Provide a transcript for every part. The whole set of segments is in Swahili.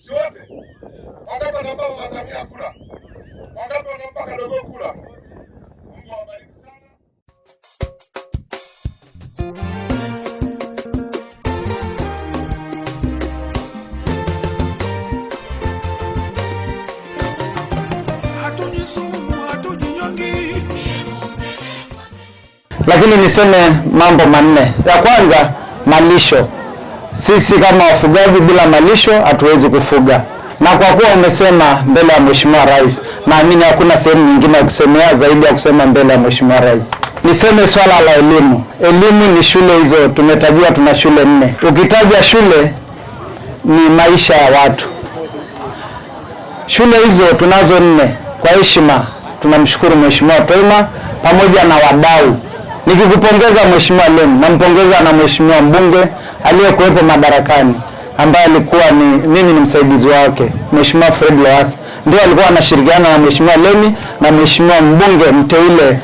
si wote? Wangapi wanampa mama Samia kura? Wangapi wanampa kadogo kura? Mungu awabariki sana. Lakini niseme mambo manne. Ya kwanza malisho sisi kama wafugaji bila malisho hatuwezi kufuga, na kwa kuwa umesema mbele ya mheshimiwa rais, naamini hakuna sehemu nyingine ya kusemea zaidi ya kusema mbele ya mheshimiwa rais. Niseme swala la elimu. Elimu ni shule hizo, tumetajua tuna shule nne. Ukitaja shule ni maisha ya watu. Shule hizo tunazo nne. Kwa heshima tunamshukuru mheshimiwa Toima pamoja na wadau Nikikupongeza Mheshimiwa Lem, nampongeza na Mheshimiwa mbunge aliyekuwepo madarakani ambaye alikuwa ni mimi ni msaidizi wake, Mheshimiwa Fred Lowassa ndio alikuwa anashirikiana na Mheshimiwa Lemi na Mheshimiwa mbunge mteule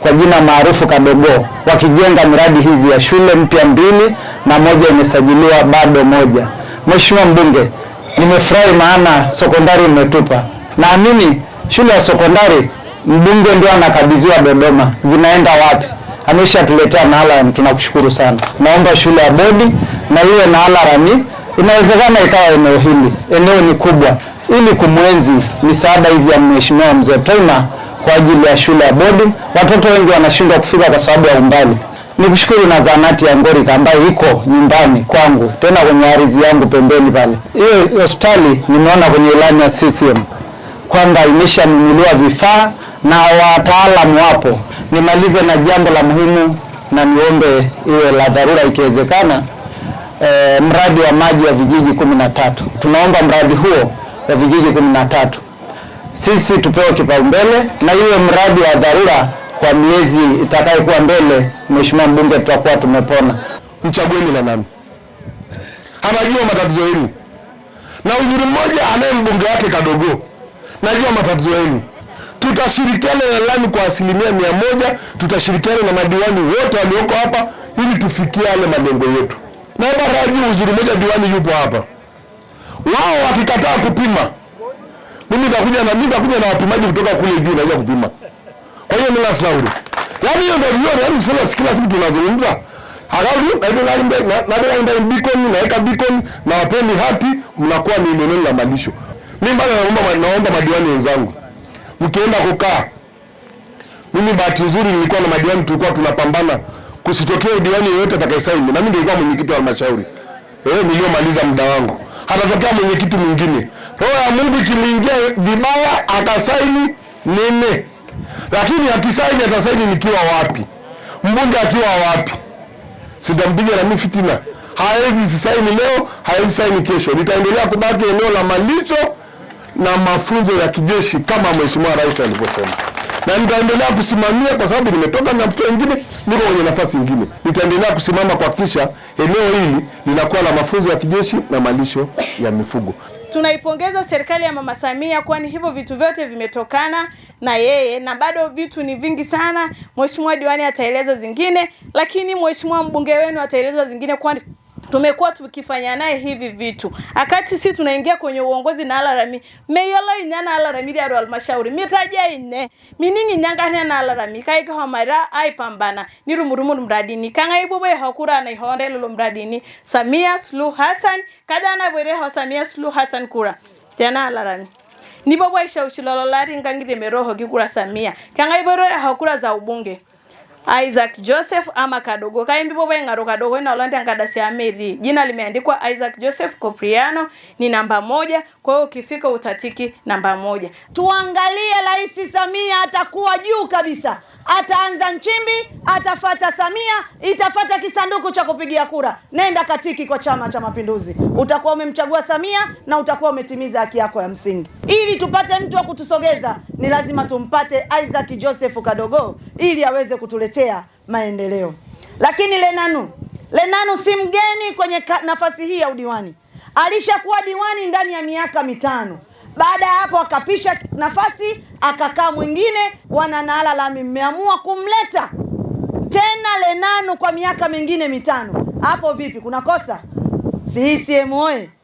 kwa jina maarufu Kadogo, wakijenga miradi hizi ya shule mpya mbili na moja imesajiliwa bado moja. Mheshimiwa mbunge, nimefurahi maana sekondari imetupa. Naamini shule ya sekondari mbunge ndio anakabidhiwa Dodoma, zinaenda wapi? ameshatuletea Naalam, tunakushukuru sana. Naomba shule ya bodi na iwe na inawezekana ikawa eneo hili, eneo ni kubwa, ili kumwenzi misaada hizi ya mheshimiwa mzee Prema kwa ajili ya shule ya bodi. Watoto wengi wanashindwa kufika kwa sababu ya umbali. Nikushukuru na zahanati ya Ngorika ambayo iko nyumbani kwangu, tena kwenye ardhi yangu pembeni pale. Hiyo hospitali nimeona kwenye ilani ya CCM kwamba imeshanunuliwa vifaa na wataalamu wapo Nimalize na jambo la muhimu na niombe iwe la dharura ikiwezekana. E, mradi wa maji wa vijiji kumi na tatu, tunaomba mradi huo wa vijiji kumi na tatu sisi tupewe kipaumbele na iwe mradi wa dharura kwa miezi itakayokuwa mbele. Mheshimiwa Mbunge, tutakuwa tumepona. Mchagueni na nani anajua matatizo yenu, na uzuri mmoja anaye mbunge wake kadogo, najua matatizo yenu tutashirikiana na lami kwa asilimia mia moja. Tutashirikiana na madiwani wote walioko hapa ili tufikie yale malengo yetu. Naomba rajuu uzuri moja, diwani yupo hapa, wao wakikataa kupima mimi nitakuja na mimi nitakuja na wapimaji kutoka kule juu naweza kupima. Kwa hiyo mimi nasauri. Yaani hiyo ndio hiyo ndio yaani sio sikila siku tunazungumza. Halafu na ndio ndio beacon naweka beacon na wapeni hati mnakuwa ni neno la malisho. Mimi bado naomba naomba madiwani wenzangu ukienda kukaa. Mimi bahati nzuri nilikuwa na madiwani, tulikuwa tunapambana kusitokea udiwani yoyote atakayesaini, na mimi nilikuwa mwenyekiti wa halmashauri eh, niliyomaliza muda wangu. Hatatokea mwenyekiti mwingine, roho ya Mungu ikimwingia vibaya akasaini nene, lakini akisaini atasaini nikiwa wapi? Mbunge akiwa wapi? Sitampiga na mimi fitina. Hawezi sisaini leo, hawezi saini kesho. Nitaendelea kubaki eneo la malisho na mafunzo ya kijeshi kama Mheshimiwa Rais alivyosema, na nitaendelea kusimamia kwa sababu nimetoka na mafunzo niko kwenye nafasi nyingine. Nitaendelea kusimama kuhakikisha eneo hili linakuwa la mafunzo ya kijeshi na malisho ya mifugo. Tunaipongeza serikali ya Mama Samia, kwani hivyo vitu vyote vimetokana na yeye, na bado vitu ni vingi sana. Mheshimiwa diwani ataeleza zingine, lakini mheshimiwa mbunge wenu ataeleza zingine kwani tumekuwa tukifanya naye hivi vitu akati si tunaingia kwenye uongozi na alarami meyolo inyana alarami lya almashauri mitaja ine miningi nyanga na alarami kaika homara pambana ni rumurumuru mradini kanga ibubo hakura na ihonde lolo mradini Samia Suluhu Hassan kada na bwere ho Samia Suluhu Hassan kura tena alarami ni nibo bwaisha ushilolo lari ngangire meroho gikura Samia kanga iboro hakura za ubunge Isaac Joseph ama kadogo kaimbipo bwe kadogo inalonda ngada si ameri. Jina limeandikwa Isaac Joseph Kopriano ni namba moja, kwa hiyo ukifika utatiki namba moja. Tuangalie Rais Samia atakuwa juu kabisa ataanza Nchimbi, atafata Samia, itafata kisanduku cha kupigia kura. Nenda katiki kwa Chama cha Mapinduzi, utakuwa umemchagua Samia na utakuwa umetimiza haki yako ya msingi. Ili tupate mtu wa kutusogeza, ni lazima tumpate Isaac Joseph Kadogo ili aweze kutuletea maendeleo. Lakini Lenanu, Lenanu si mgeni kwenye nafasi hii ya udiwani, alishakuwa diwani ndani ya miaka mitano. Baada ya hapo akapisha nafasi, akakaa mwingine. Wana Naalalami, mmeamua kumleta tena Lenanu kwa miaka mingine mitano. Hapo vipi? Kuna kosa? CCM oye!